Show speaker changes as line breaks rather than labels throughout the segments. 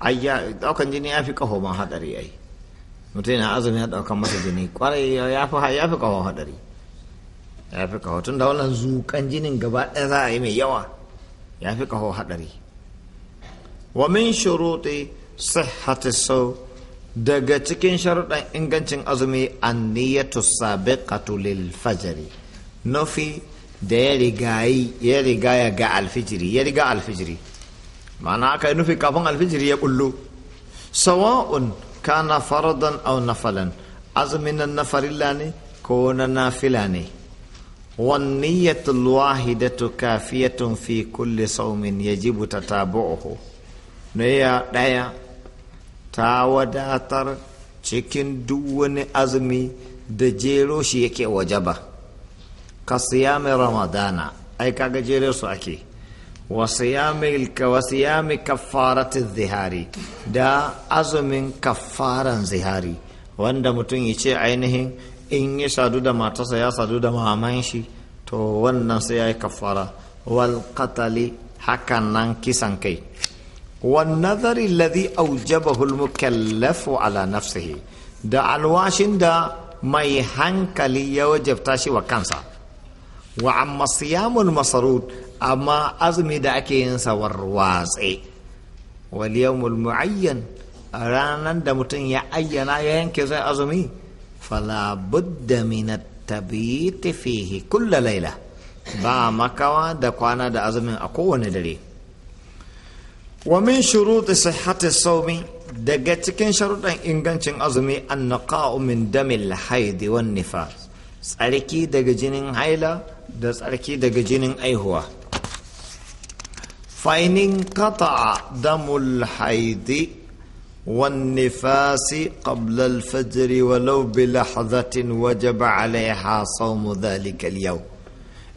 ayya daukan jini ya fi kaho ma hadari ai mutum yana azumi ya daukan masa jini kwarai ya fi ya fi kaho hadari ya fi kaho tun da wannan zukan jinin gaba ɗaya za a yi mai yawa ya fi kaho hadari wa min shuruti sihhati sau daga cikin sharuɗan ingancin azumi an niyyatu sabiqatu lil fajri nufi da ya rigayi ya rigaya ga alfijiri ya riga alfijiri ma'ana aka yi nufi kafin alfijir ya bullo sawa'un kana faradan aw nafalan azumin nan na farilla ne ko na nafila ne wan ka fiye kafiyatun fi kulli ta yajibu tatabu'uhu niyya daya ta wadatar cikin duk wani azumi da jero shi yake wajaba ka siyami ramadana ai kaga jere su ake wasiyami kaffaratin zihari da azumin kaffaran zihari wanda mutum ya ce ainihin in ya sadu da matarsa ya sadu da maman shi to wannan sai ya yi kaffara wal qatali hakan nan kisan kai wan nazari ladhi aujabahu mukallafu ala nafsihi da alwashin da mai hankali ya wajabta shi wa kansa wa amma siyamul masarud amma azumi da ake yin sa warwatse wal muayyan ranar da mutum ya ayyana ya yanke zai azumi fala budda min at fihi kulla laila ba makawa da kwana da azumin a kowane dare wa min shuruti sihhati sawmi daga cikin sharuɗan ingancin azumi an naqa'u min damil haidi wan nifas tsarki daga jinin haila da tsarki daga jinin aihuwa فإن انقطع دم الحيض والنفاس قبل الفجر ولو بلحظة وجب عليها صوم ذلك اليوم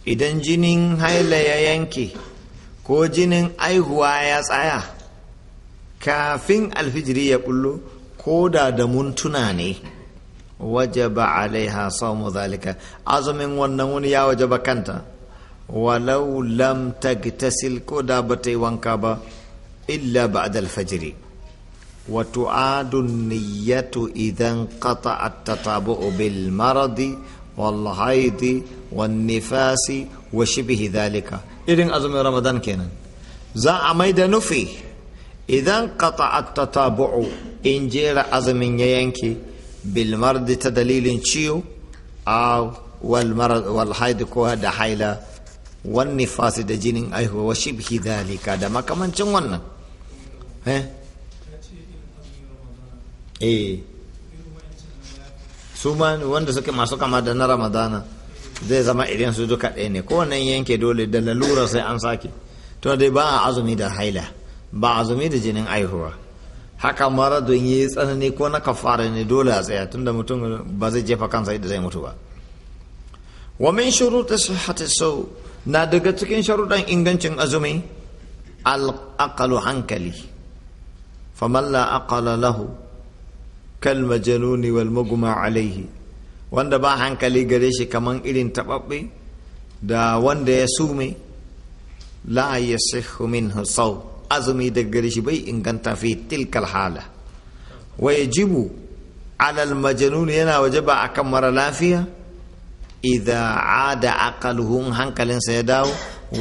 إذا جنين هايلا ينكي ko jinin aihuwa ya tsaya kafin alfijiri ya bullu ko da da muntuna ne wajaba alaiha azumin wannan wani ya wajaba kanta ولو لم تغتسل كودا بتي وانكابا إلا بعد الفجر وتعاد النية إذا انقطع التطابع بالمرض والحيض والنفاس وشبه ذلك إذن أزم رمضان كينا za عميد نفي إذا انقطع التطابع qata tatabu'u in jera بالمرض تدليل شيو او والمرض dalilin ciwo a wan nifasi da jinin aihuwa wa shibhi dhalika da makamancin wannan eh? eh su ma wanda suke masu kama da na ramadana zai zama irin su duka ɗaya ne kowane yanke dole da lalura sai an sake to dai ba a azumi da haila ba azumi da jinin aihuwa haka mara don yi tsanani ko na kafara ne dole a tsaya tunda mutum ba zai jefa kansa yadda zai mutu ba wa min shuruti sihhati sau na daga cikin sharuɗan ingancin azumi aqalu hankali famalla la aqala lahu kal majanuni wal mugma alaihi wanda ba hankali gare shi kaman irin taɓaɓɓe da wanda ya sume la yasihhu minhu saw azumi da gare shi bai inganta fi tilkal hala wa yajibu alal majanuni yana wajaba akan mara lafiya ida ada aqaluhum hankalinsa ya dawo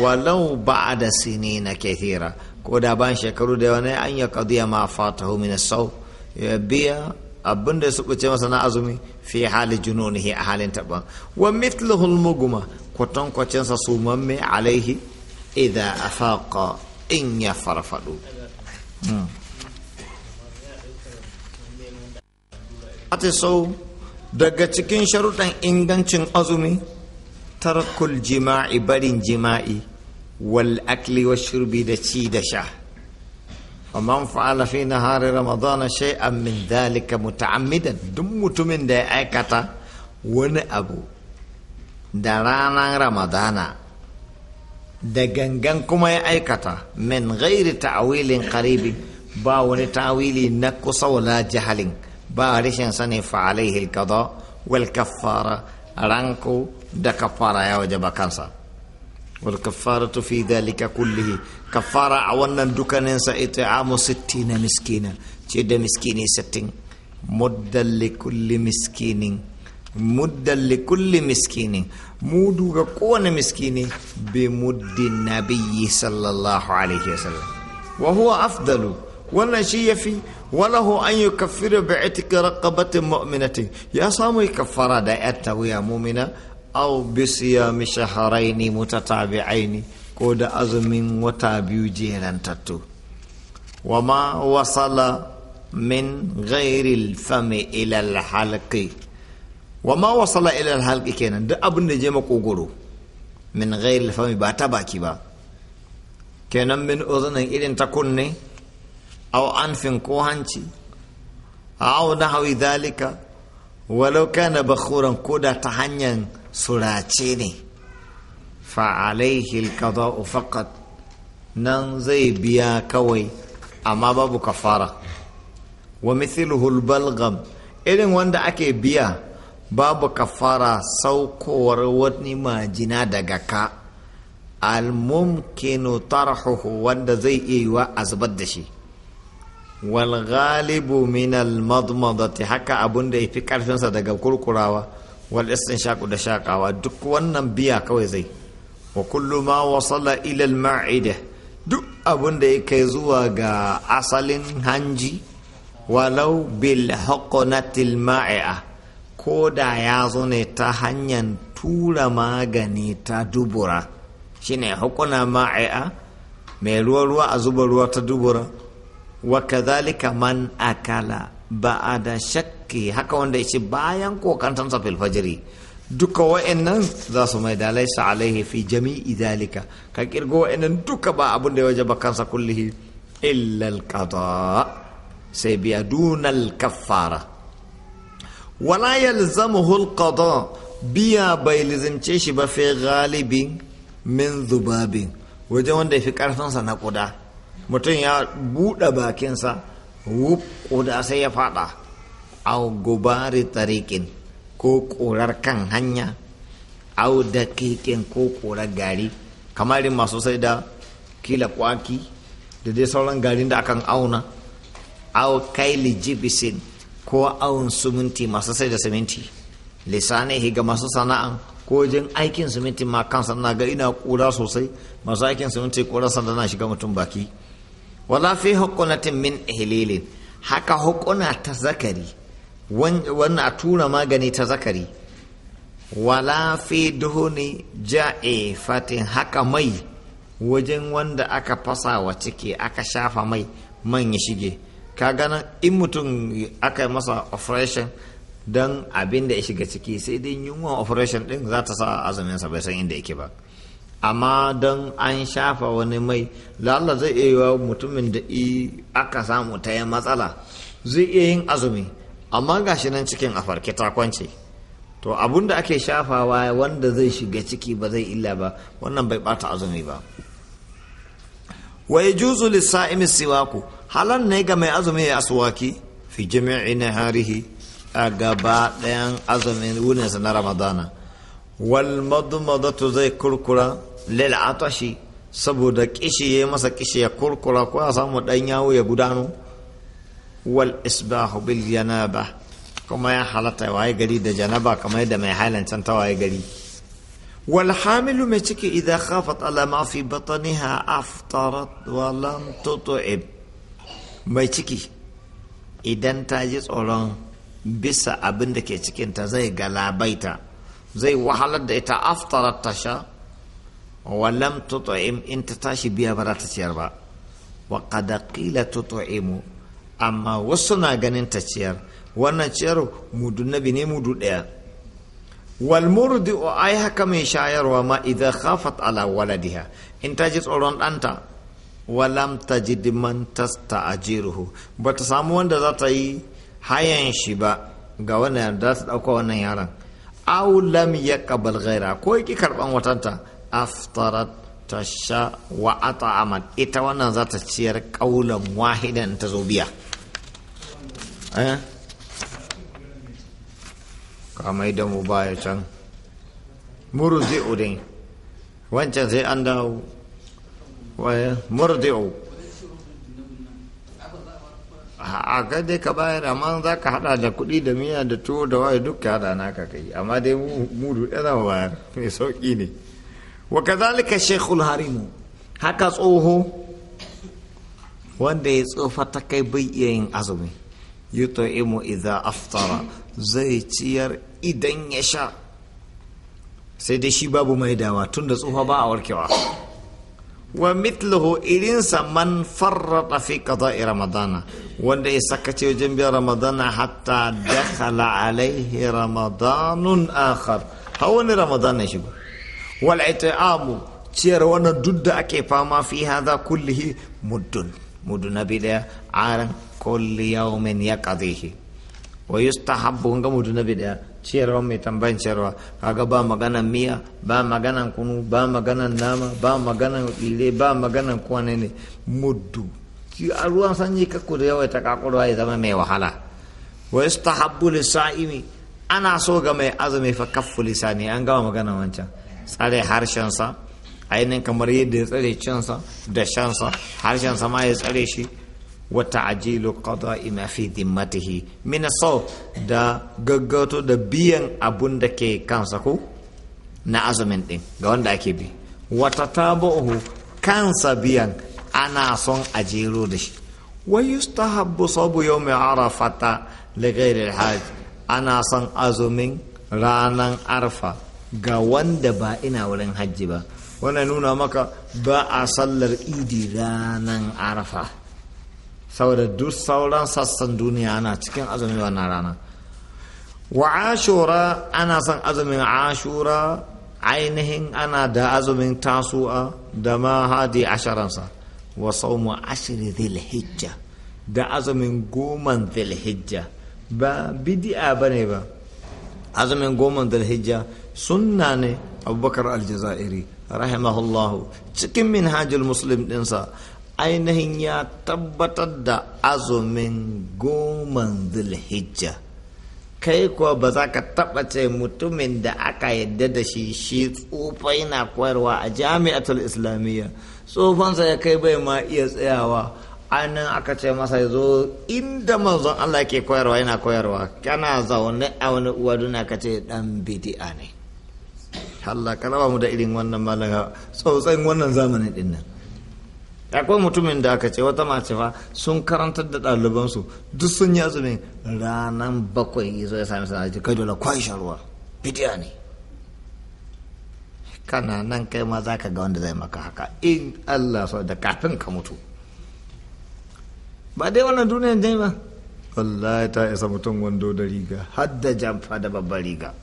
walau ba'da sinina kathira ko da ban shekaru da wani an ya qadiya ma fatahu min as-saw ya biya abinda ya subuce masa na azumi fi hali jununihi a halin taba wa mithluhu al-mugma kwaton kwacin sa sumamme alaihi idza afaqa in ya farfaɗo. hmm. daga cikin sharuɗan ingancin azumi tarkul jima'i barin jima'i wal akli wa shurbi da ci da sha man fa'ala fi nahari ramadana shay'an min dhalika muta'ammidan duk mutumin da ya aikata wani abu da ranar ramadana da gangan kuma ya aikata min gairi ta'awilin qaribi ba wani ta'awili na kusa wala jahalin بارش انسان فعليه القضاء والكفارة رانكو دا كفارة يا وجبا كانسا والكفارة في ذلك كله كفارة عوانا دوكان انسا اتعام ستين مسكين تيدا مسكين ستين مدا لكل مسكين مدا لكل مسكين مودو كون مسكين بمد النبي صلى الله عليه وسلم وهو أفضل ونشي شي في walahu an yi kafira bi itika raqabatin mu'minatin ya samu kafara da yar tawiya mu'mina aw bi siyami shahrayn mutatabi'ain ko da azumin wata biyu jerantattu wa ma wasala min ghairi al-fami ila al-halqi wa ma wasala ila al-halqi kenan duk abin da je makogoro min ghairi al-fami ba ta baki ba kenan min uzunin irin ta kunne أو أنف كوهنشي أو نحو ذلك ولو كان بخورا كودا تهنيا سراتيني فعليه القضاء فقط ننزي بيا كوي أما باب كفارة ومثله البلغم إذن واندا أكي بيا باب كفارة سوكو ورودني ما جنا دقاكا الممكن طرحه واندا زي إيوا أزبد شي wal ghalibu min al haka abun da yafi karfin sa daga kurkurawa wal istinshaqu da shakawa duk wannan biya kawai zai wa kullu ma wasala ila al duk abun da yake zuwa ga asalin hanji walau bil haqnatil ma'a ko da ya zo ne ta hanyar tura magani ta dubura shine hukuna ma'a mai ruwa ruwa a zuba ruwa ta dubura wa kadhalika man akala da shakki haka wanda ya ce bayan kokantansa fil fajri duka wa'annan za su mai da laisa alaihi fi jami'i dalika ka kirgo wa'annan duka ba abun da ya wajaba kansa kullihi illa alqada sai biya dunal kaffara wala yalzamuhu alqada biya bai lizance shi ba fi ghalibin min zubabin wajen wanda ya fi karfinsa na kuda mutum ya buɗe bakinsa wuf ƙuda sai ya faɗa au gubari tariƙin ko ƙurar kan hanya au daƙiƙin ko ƙurar gari kamar masu sai da kila kwaki da dai sauran garin da akan auna au kai lijibisin ko awon suminti masu sai da siminti lisanihi ga masu sana'an ko wajen aikin suminti ma kansa na ga ina kura sosai masu aikin siminti kura sanda na shiga mutum baki wala fi hukunatin min ihlilin haka hukuna ta zakari wannan a tura magani ta zakari wala fi duhuni ja'i fatin haka mai wajen wanda aka fasa wa ciki aka shafa mai man ya shige ka gana in mutum aka masa operation don abin da ya shiga ciki sai dai yunwa operation din za ta sa azuminsa bai san inda yake ba amma don an shafa wani mai lalla zai iya yiwa mutumin da aka samu ta yi matsala zai iya yin azumi amma gashi nan cikin a takwanci, kwance to abun da ake shafawa wanda zai shiga ciki ba zai illa ba wannan bai bata azumi ba wai juzu lissa'imi siwaku halan ne ga mai azumi ya aswaki fi na harihi a gaba ɗayan azumin wunin na ramadana walmadmadatu zai kurkura lil atashi saboda kishi ya masa kishi ya kurkura ko a samu dan yawo ya gudano wal isbahu bil janaba kuma ya halatta waye gari da janaba kamar da mai halancan ta waye wal hamilu mai ciki idan khafat ala ma fi batniha aftarat wa lam tut'ib mai ciki idan ta ji tsoron bisa abinda ke cikinta zai galabaita zai wahalar da ita aftarar tasha walam tutu'im in ta tashi biya ba za ta ciyar ba wa qad qila tutu'imu amma wasu na ganin ta ciyar wannan ciyar mudu nabi ne mudu daya wal murdi'u ai haka mai shayarwa ma idza khafat ala waladiha in ta ji tsoron ɗanta walam tajid man tasta'jiruhu ba ta samu wanda za ta yi hayan shi ba ga wannan da za ta ɗauka wannan yaron aw lam yaqbal ghaira ko yake karban watanta aftarat tasha wa at'amat ita wannan za ta ciyar kaulan wahidan ta zo biya eh kamar da mu baya can murzi'u dai wancan sai an dawo murzi'u a kai dai ka bayar amma za ka hada da kuɗi da miya da tuwo da waye duk ka hada ka kai amma dai mudu yana za bayar mai sauƙi ne wa kazalika shekul harimu haka tsoho wanda ya tsofa ta kai bai iya yin azumi imu idan aftara zai ciyar idan ya sha sai dai shi babu maidawa tun da tsofa ba a warkewa wa mitluhu irinsa man farrata fi qada'i ramadana wanda ya sakace wajen biyan ramadana hatta dakhala alaihi ramadanun akhar har wani ramadan shigo wal it'amu ciyar wannan duk da ake fama fi hadha kullihi muddun muddun nabi aran kulli yawmin yaqdihi wa yustahabbu ga muddun nabi ciyarwa mai tambayin ciyarwa kaga ba maganan miya ba maganan kunu ba maganan nama ba maganan ile ba maganan kwane ne muddu a ruwan sanyi kakko da ta kakurwa ya zama mai wahala wa istahabbu lissa'imi ana so ga mai azumi fa kaffu ne an gama maganan wancan tsare harshensa ainihin kamar yadda ya tsare cinsa da shansa harshensa ma ya tsare shi وتعجيل قضاء ما في ذمته من da دا da biyan abun da ke kansa ku? na azumin din ga wanda ake bi wata tabu'uhu kansa biyan ana son a jero da shi wa yustahabbu sabu yawmi arafata li ghairi hajj ana son azumin ranan arfa ga wanda ba ina wurin hajji ba wannan nuna maka ba a sallar idi ranan arfa saboda duk sauran sassan duniya ana cikin azumin wannan rana wa ashura ana san azumin ashura ainihin ana da azumin tasu'a da ma hadi asharansa wa saumu ashiri hijja da azumin goman hijja ba bidi'a bane ba azumin goman hijja sunna ne abubakar aljazairi rahimahullahu cikin minhajul muslim dinsa ainihin ya tabbatar da azumin goman zulhijja kai kuwa ba za ka taɓa ce mutumin da aka yadda da shi shi tsufa yana koyarwa a jami'atul islamiyya tsufansa ya kai bai ma iya tsayawa anan aka ce masa ya zo inda manzon Allah ke koyarwa yana koyarwa kana zaune a wani uwaduna ka ce dan bidi'a ne Allah ka raba mu da irin wannan malaka tsotsan wannan zamanin dinnan. akwai mutumin da aka ce wata mace fa sun karantar da ɗalibansu duk sun yi azumin ranar bakwai ya ya sami sanaji kai dole kwai sharuwa bidiya ne kana nan kai ma za ka ga wanda zai maka haka in allah sau da kafin ka mutu ba dai wannan duniyan jai ba wallahi ta isa mutum wando da riga har da jamfa da babbar riga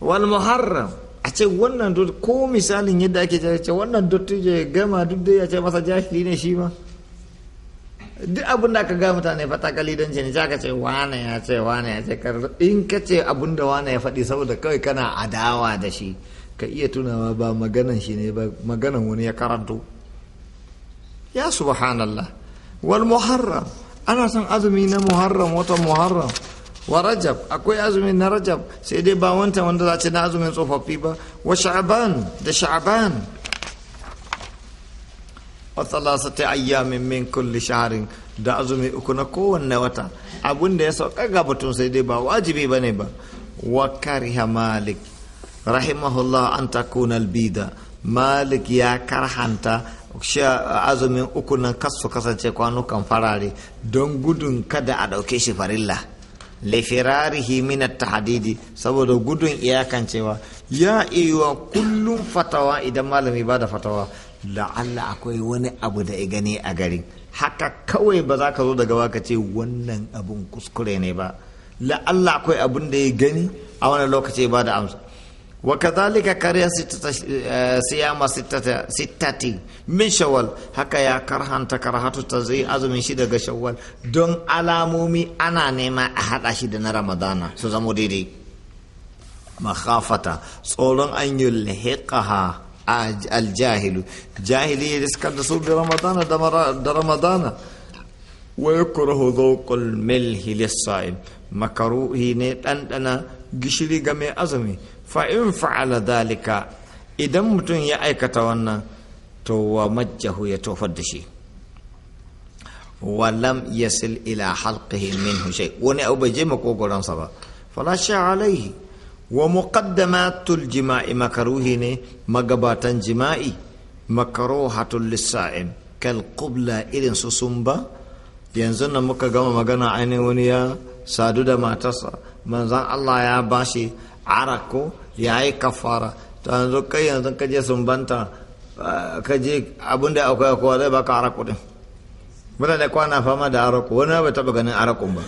wal muharram a ce wannan ko misalin yadda ake ce wannan dottijo ya gama duk da ya ce masa jahili ne shi ma duk abin da aka ga mutane fata ce ne ka ce wane ya ce wane ya ce in ka ce abin da wane ya faɗi saboda kawai kana adawa da shi ka iya tunawa ba maganan shi ne ba maganan wani ya karanto ya subhanallah wal muharram ana son azumi na muharram watan muharram wa rajab akwai azumi na rajab sai dai ba wanta wanda za ce na azumin tsofaffi ba wa sha'aban da sha'aban wa thalathati ayyamin min kulli shaharin da azumi uku na kowanne wata abun da ya sauka ga batun sai dai ba wajibi bane ba wa kariha malik rahimahullah an takuna albida malik ya karhanta azumin uku na kasu kasance kwanukan farare don gudun kada a ɗauke shi farilla lifirarihi min hadidi saboda gudun iyakancewa ya iya kullum fatawa idan malami ba da fatawa la'alla akwai wani abu da gani a gari haka kawai ba za ka zo daga ka ce wannan abun kuskure ne ba la'alla akwai abun da ya gani a wani lokaci ba da amsa wakadhalika karya eh, siyama sitati min shawal haka ya karhanta karhatu zai azumi shida ga shawal don alamomi ana nema a hada shi da na ramadana su zamo daidai makhafata tsoron an yi lahiqaha aljahilu jahili ya riskar da su da ramadana da ramadana wa ne ɗanɗana gishiri ga mai azumi fa'in fa'ala dalika idan mutum ya aikata wannan to wa majjahu ya tofar da shi walam yasil ila halqihi min shay wani abu bai je makogoransa ba fala sha alaihi wa muqaddamatul jima'i makaruhi ne magabatan jima'i makaruhatul lisa'im kal qubla irin su sumba yanzu nan muka gama magana ainihin wani ya sadu da matarsa manzan Allah ya bashi Araku ya yi kafara ta yanzu kai yanzu ka je sumbanta eh, ka je abin da akwai kowa zai baka araku din mutane kwana fama da arak wani bai taba ganin arak ba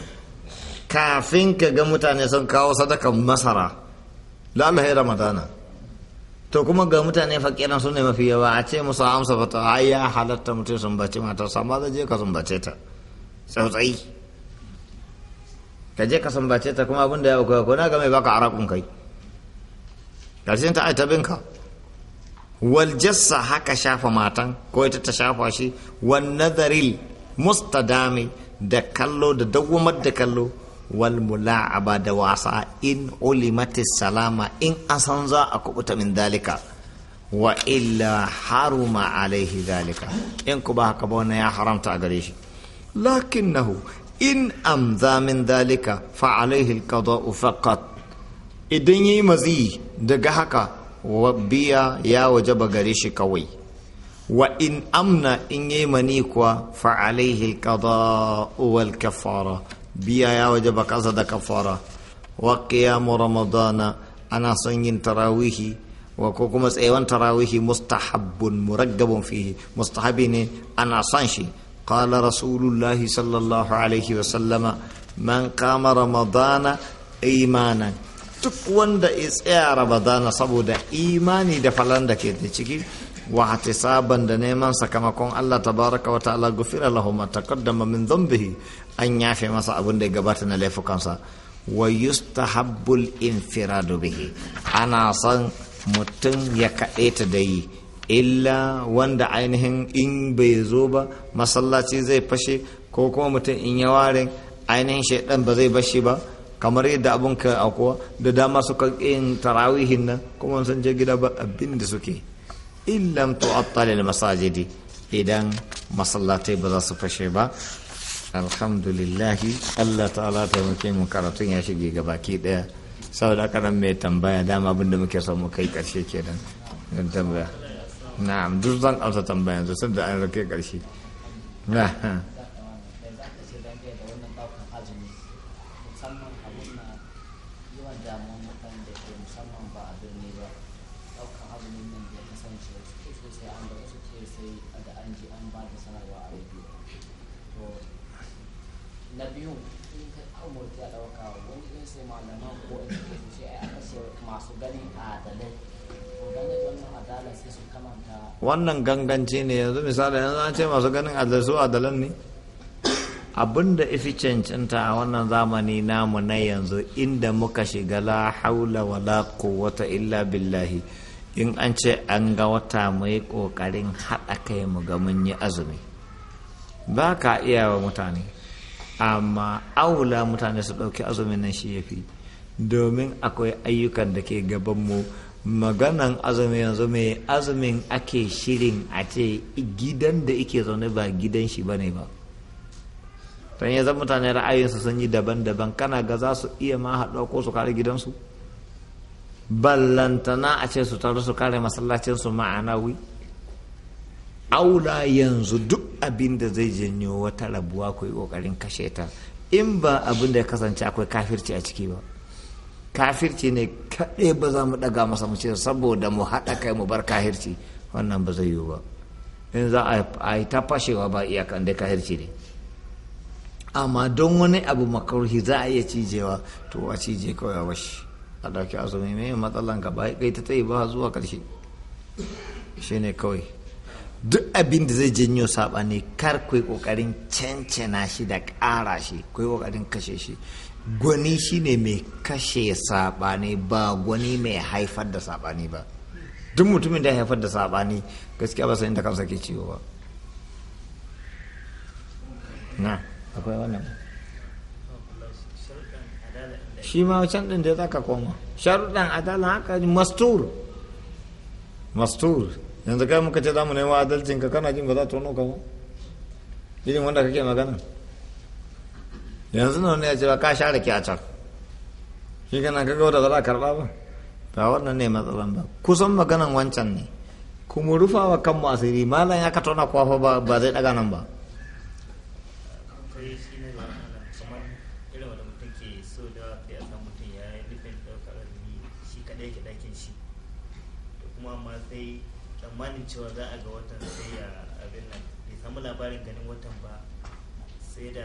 kafin ka ga mutane sun kawo sadaka masara ya ramadana to kuma ga mutane fakiran su ne mafi yawa a ce musu amsa fata ai ya halatta mutum sumbace mata sama zai je ka sumbace ta tsautsayi ka je ka sambace ta kuma abin da ya baka ko na ga mai baka arakun kai karshen ta aita binka wal jassa haka shafa matan ko ita ta shafa shi wan nadaril mustadami da kallo da dawwamar da kallo wal mula'aba da wasa in ulimatis salama in asan za a kubuta min dalika wa illa haruma alaihi dalika in ku ba haka ba wannan ya haramta a gare shi lakinnahu in amza min dalika fa alaihi alqada'u faqat idan yi mazi daga haka wa biya ya wajaba gare shi kawai wa in amna in yi mani kuwa fa alaihi alqada'u wal kafara biya ya wajaba kasa da kafara wa qiyamu ramadana ana son yin tarawihi wa ko kuma tsayawan tarawihi mustahabbun muraggabun fihi mustahabi ne ana son shi قال رسول الله صلى الله عليه وسلم من قام رمضان ايمانا duk wanda ya tsaya ramadana saboda imani da falan da ke da ciki wa saban da neman sakamakon Allah tabaraka wa ta'ala gufira lahu ma taqaddama min dhanbihi an yafe masa abin da ya gabata na laifukansa wa yustahabbul infiradu bihi ana san mutum ya kaɗaita da yi illa wanda ainihin in bai zo ba masallaci zai fashe ko kuma mutum in ya ware ainihin shaidan ba zai bashi ba kamar yadda abin ka akuwa da dama suka yin tarawihin nan kuma sun je gida ba abin da suke illam tu'attalil masajidi idan masallatai ba za su fashe ba alhamdulillahi Allah ta'ala muke mu karatun ya shige ga baki daya saboda karan mai tambaya dama abin da muke so mu kai karshe kenan don tambaya 那我们都是在搞这方面的，都是在搞这吧？wannan ganganci ne yanzu misali yanzu an ce masu ganin adalsu adalan ne abin da ifi cancanta a wannan zamani namu na yanzu inda muka shiga la haula wala quwwata illa billahi in an ce an ga wata mai kokarin haɗa kai mu ga mun yi azumi ba ka iya wa mutane amma aula mutane su ɗauki azumin nan shi ya fi domin akwai ayyukan da ke gabanmu maganan azumi yanzu mai azumin ake shirin a ce gidan da ike zaune ba gidan shi bane ba don ya zan mutane ra'ayinsu sun yi daban-daban kana ga za su iya ma haɗu ko su kare gidansu ballantana a ce su taru su kare masallacinsu ma'anawi aula yanzu duk abin da zai janyo wata rabuwa ku yi ƙoƙarin kashe ta in ba abin da ya kasance akwai kafirci a ciki ba kafirci ne kaɗai ba za mu ɗaga masa mu ce saboda mu haɗa kai mu bar kahirci wannan ba zai yiwu ba in za a yi ta fashewa ba iyaka da kahirci ne amma don wani abu makarhi za a iya cijewa to a cije kawai a washi a ɗauki azumi mai matsalan ka ba kai ta yi ba zuwa ƙarshe shi ne kawai duk abin da zai janyo saɓani kar ku yi ƙoƙarin cancana shi da ƙara shi ku yi ƙoƙarin kashe shi gwani shine mai kashe sabani ba gwani mai haifar da sabani ba duk mutumin da ya haifar da sabani gaskiya ba sanin da kansa ke ciwo ba na akwai wannan shi ma can din da za ka koma sharuɗan adala haka mastur mastur yanzu kai muka ce za mu nemi adalcin ka kana jin ba za ta wani ba irin wanda kake magana yanzu na wani ya ba ka share ki a can shi kana ka da za a karba ba ba wannan ne matsalan ba kusan maganan wancan ne kuma rufawa kanmu asiri malam ya ka tona kwafa ba zai daga nan ba tsammanin cewa za a ga watan sai ya abin nan bai samu labarin ganin watan ba sai da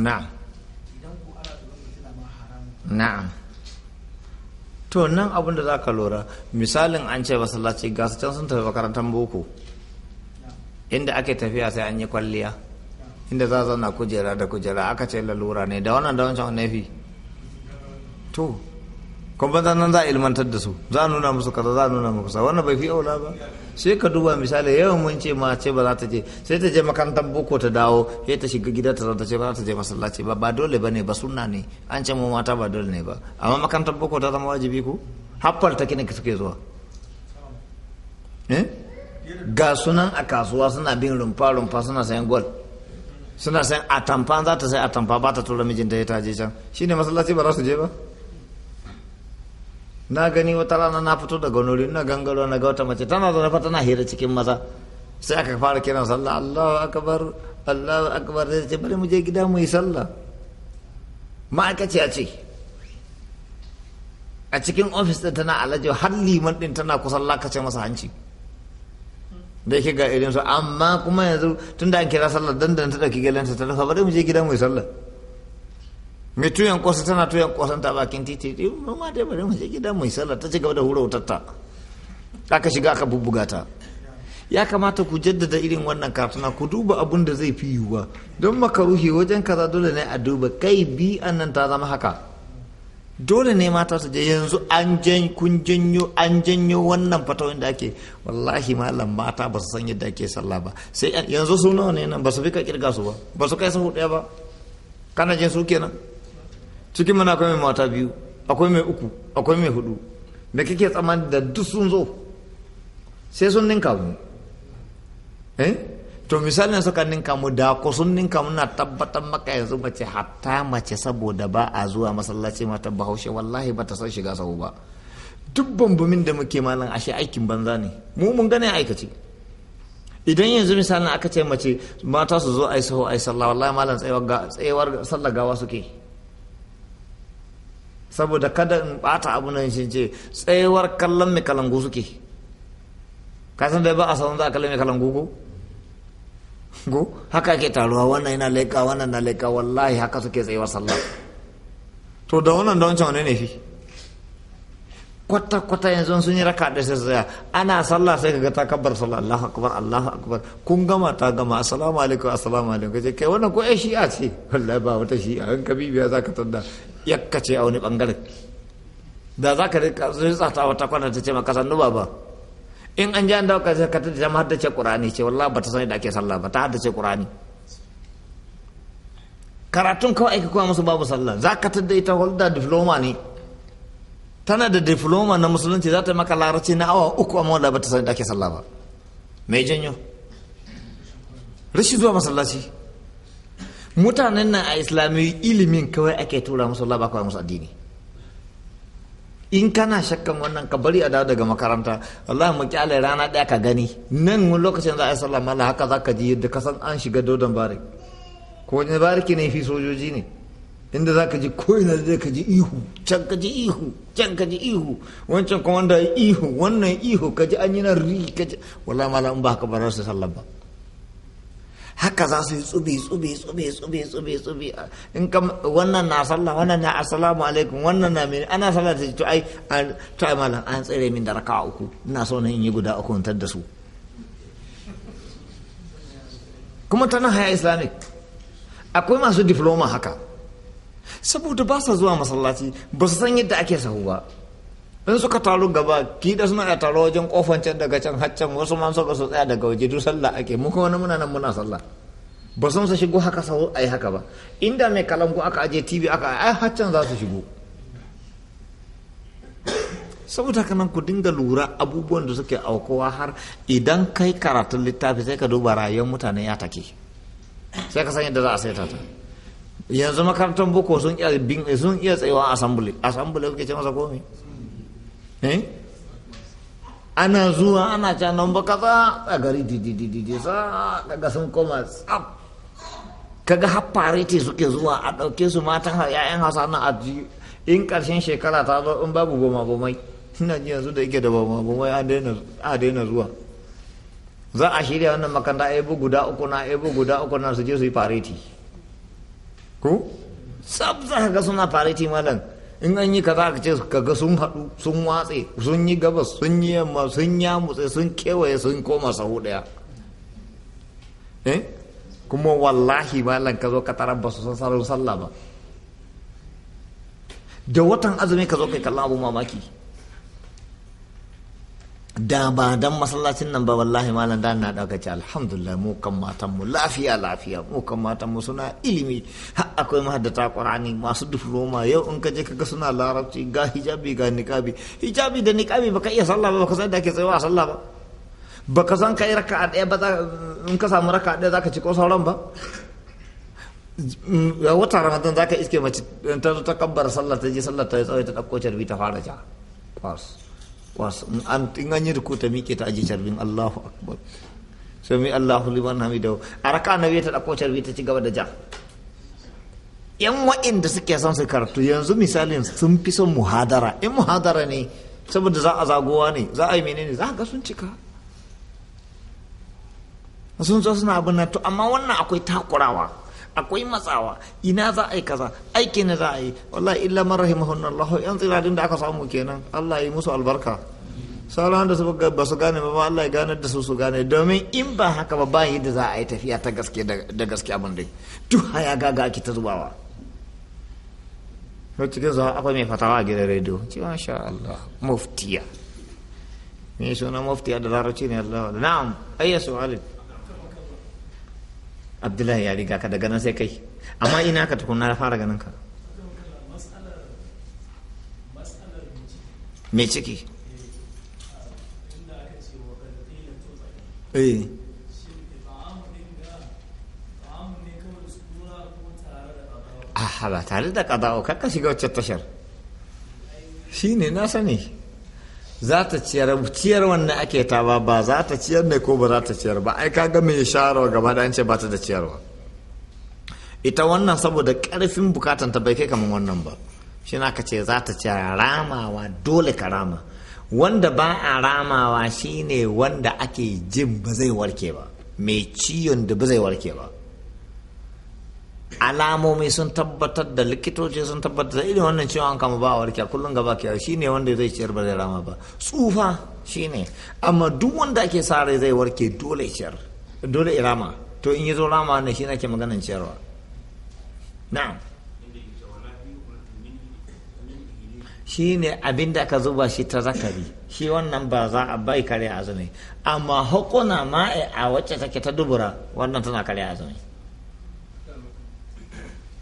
na'am na'am to nan abin da za lura misalin an ce masallaci gasu can sun tafi makarantar boko inda ake tafiya sai an yi kwalliya inda za zauna kujera da kujera aka ce lalura ne da wannan da wancan nafi to kuma nan za a ilmantar da su za a nuna musu kaza za a nuna musu wannan bai fi aula ba sai ka duba misali yawan mun ce ma ce ba za ta je sai ta je makarantar boko ta dawo sai ta shiga gida ta ta ce ba za ta je masallaci ba ba dole ba ne ba sunna ne an ce mu mata ba dole ne ba amma makarantar boko ta zama wajibi ku haffar ta kina suke zuwa eh? ga sunan a kasuwa suna bin rumfa rumfa suna sayan gwal suna sayan atamfa za ta sai atamfa ba ta tura mijinta ya ta je can shine masallaci ba za su je ba na gani wata rana na fito daga nuri na gangaro na ga wata mace tana zaune fa tana hira cikin maza sai aka fara kiran sallah Allahu akbar Allahu akbar sai ce bari mu je gida mu yi sallah ma'aikaci a ce a cikin ofis din tana alaji har liman din tana kusan lakace masa hanci da yake ga irin su amma kuma yanzu tunda an kira sallah dandan ta dauki gelanta ta dafa bari mu je gida mu yi sallah mai tuyan kwasa tana tuyan kwasan ta bakin titi mu oh, ma dai bari mace gida mai sallah ta ci gaba da hura wutarta aka shiga aka bubbuga ta ya kamata ku jaddada irin wannan katuna ku duba abun da zai fi yiwuwa ah. don makaruhi wajen kaza dole ne a duba kai bi nan ta zama haka dole ne mata su je yanzu an jan kun janyo an janyo wannan fatawin da ake wallahi malam mata ba su san yadda ake sallah ba sai yanzu su nawa ne nan ba su fi ka kirga su ba ba su kai sahu ɗaya ba kana jin su kenan cikin mana akwai mai mata biyu akwai mai uku akwai mai hudu me kake tsammani da duk sun zo sai sun ninka mu eh to misalin suka ninka mu da ko sun ninka mu na tabbatar maka yanzu mace hatta mace saboda ba a zuwa masallaci mata bahaushe wallahi ba ta san shiga sahu ba duk bambamin da muke malam ashe aikin banza ne mu mun gane aikace idan yanzu misalin aka ce mace mata su zo ai sahu ai sallah wallahi malam tsayawar sallah gawa suke saboda kada in bata abu nan shi ce tsayuwar kallon mai kalangu suke kasan da ba a sanar da a kallon mai kalangu ko go haka ke taruwa wannan yana laika wannan na laika wallahi haka suke tsayuwar sallah to da wannan da wancan wani ne fi kwata-kwata yanzu sun yi raka da sai ana sallah sai ka ta kabbar sallah Allahu akbar Allahu akbar kun gama ta gama assalamu alaikum assalamu alaikum kace kai wannan ko ai shi'a ce wallahi ba wata shi'a an za zaka tanda yakka ce a wani bangare da zaka rika zai ta wata kwana ta ce maka sannu baba in an ji an dauka sai ka tada ma haddace qur'ani ce wallahi ta sani da ake sallah ba ta haddace qur'ani karatun kawai ka koya musu babu sallah zaka tada ita holda diploma ne tana da diploma na musulunci za ta maka larabci na awa uku amma wadda ba ta sani da ake sallah ba mai janyo rashin zuwa masallaci mutanen nan a islami ilimin kawai ake tura musu Allah ba kawai musu addini in kana shakkan wannan ka bari a dawo daga makaranta Allah mu kyale rana daya ka gani nan mun lokacin za a yi sallah mala haka za ka ji yadda ka san an shiga dodon barik ko ne bariki ne fi sojoji ne inda za ka ji ko'ina zai ka ji ihu can ka ji ihu can ka ji ihu wancan kuma wanda ihu wannan ihu ka ji an yi nan ri ka ji wala mala in ba haka ba su sallar ba haka za su yi tsubi tsubi tsubi tsubi tsubi tsubi in ka wannan na sallah wannan na assalamu alaikum wannan na mini ana sallah ta to ai to ai malam an tsere min da raka uku ina so na yin yi guda uku tar da su kuma tana haya islamic akwai masu diploma haka saboda ba sa zuwa masallaci ba su san yadda ake sahu ba in suka taru gaba ki da suna taro wajen kofan can daga can haccan wasu ma suka su tsaya daga waje duk sallah ake mu kuma muna nan muna sallah ba san su shigo haka sahu ai haka ba inda mai kalangu aka aje tv aka ai haccan za su shigo saboda haka nan ku dinga lura abubuwan da suke aukowa har idan kai karatun littafi sai ka duba rayuwar mutane ya take sai ka san yadda za a saita ta yanzu makarantar boko sun iya bin sun iya tsayawa assembly assembly kuke ce masa komai eh ana zuwa ana ca nan ba kaza a gari didididi sa kaga sun koma tsaf kaga har suke zuwa a ɗauke su matan har ƴaƴan hasa na aji in ƙarshen shekara ta zo in babu goma gomai ina ji yanzu da yake da goma gomai a daina zuwa za a shirya wannan makaranta a guda uku na a guda uku na su je su yi pariti ko sab za ga suna fariti malam in an yi kaza ka ce ka ga sun haɗu sun watse sun yi gabas sun yi yamma sun ya mutse sun kewaye sun koma sahu ɗaya eh kuma wallahi malam ka zo ka tarar ba su san salon sallah ba da watan azumi ka zo kai kallon abu mamaki da ba dan masallacin nan ba wallahi malam da na dauka ce alhamdulillah mu kan matan mu lafiya lafiya mu kan matan mu suna ilimi Ha akwai mahaddata qur'ani masu diploma yau in ka je ka ga suna larabci ga hijabi ga niqabi hijabi da niqabi baka iya sallah ba baka san da ke tsayawa a sallah ba baka san kai raka'a daya ba in ka samu raka'a daya zaka ci ko sauran ba mm, ya wata ramadan zaka iske mace ta takabbara sallah ta je sallah ta yi ta dauko ta fara ja fas an in an ruku ta miƙe ta aji carbin Allahu akbar sai mai Allahu liman hamidahu araka raka na ta dauko carbi ta ci gaba da ja yan wa'inda suke son su karatu yanzu misalin sun fi son muhadara in muhadara ne saboda za a zagowa ne za a yi menene za ga sun cika sun zo suna abin to amma wannan akwai takurawa akwai matsawa ina za a yi kaza aiki ne za a yi wallahi illa man Allah yan tsirarin da aka samu kenan Allah yi musu albarka sauran da ba su gane ba Allah ya gane da su su gane domin in ba haka ba ba yadda za a yi tafiya ta gaske da gaske abin dai duk haya gaga ake ta zubawa cikin zuwa akwai mai fatawa a gidan rediyo ce masha Allah muftiya me suna muftiya da larabci ne Allah na'am ayya su'alin abdullahi ya riga ka daga nan sai kai amma ina ka tukun na fara ganin ka me ciki eh a ba tare da ƙada'o kakka shiga wacce tashar shi ne na sani za ta ciyar ciyar wannan ake ta ba za ta ciyar ne ko ba za ta ciyar ba ai kaga mai sharawa gaba da ce ba ta da ciyarwa ita wannan saboda karfin bukatan ta bai kai kamar wannan ba shi na ce za ta ciyar ramawa dole ka rama wanda ba a ramawa shine wanda ake jin ba zai warke ba mai ciyon da ba zai warke ba alamomi sun tabbatar da likitoci sun tabbatar da irin wannan ciwon an kama ba a warke kullum gaba ke shi ne wanda zai ciyar ba zai rama ba tsufa shi ne amma duk wanda ake sa rai zai warke dole ciyar dole irama to in yi zo rama ne shi nake maganan ciyarwa na'am shi ne abin da aka zuba shi ta zakari shi wannan ba za a bai kare azumi amma hukuna ma'a a wacce take ta dubura wannan tana kare azumi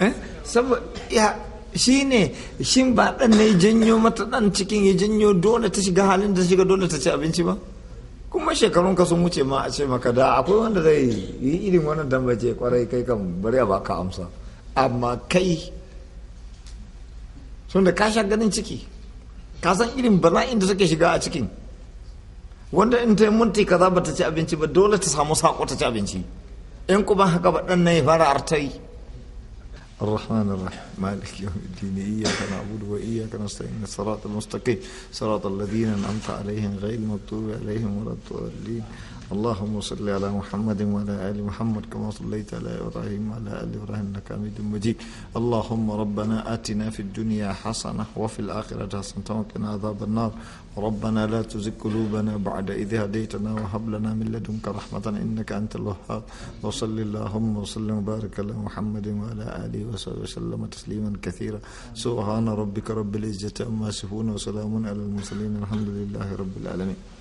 Eh? saboda ya shi ne shi ba ɗan ne janyo mata ɗan cikin ya janyo dole ta shiga halin da shiga dole ta ci abinci ba kuma shekarun ka sun wuce ma a ce maka da akwai wanda zai yi irin wannan dambace kwarai kai kan bari a baka amsa amma kai sun da ka sha ganin ciki ka san irin bala'in da suke shiga a cikin wanda in ta yi munti kaza ba ta ci abinci ba dole ta samu sako ta ci abinci in kuma haka ba ɗan na ya fara artai الرحمن الرحيم مالك يوم الدين إياك نعبد وإياك نستعين الصراط المستقيم صراط الذين أنعمت عليهم غير المغضوب عليهم ولا الضالين اللهم صل على محمد وعلى آل محمد كما صليت على إبراهيم وعلى آل إبراهيم إنك حميد مجيد اللهم ربنا آتنا في الدنيا حسنة وفي الآخرة حسنة وقنا عذاب النار ربنا لا تزغ قلوبنا بعد إذ هديتنا وهب لنا من لدنك رحمة إنك أنت الوهاب وصل اللهم وسلم وبارك على محمد وعلى آله وصحبه وسلم تسليما كثيرا سبحان ربك رب العزة عما يصفون وسلام على المرسلين الحمد لله رب العالمين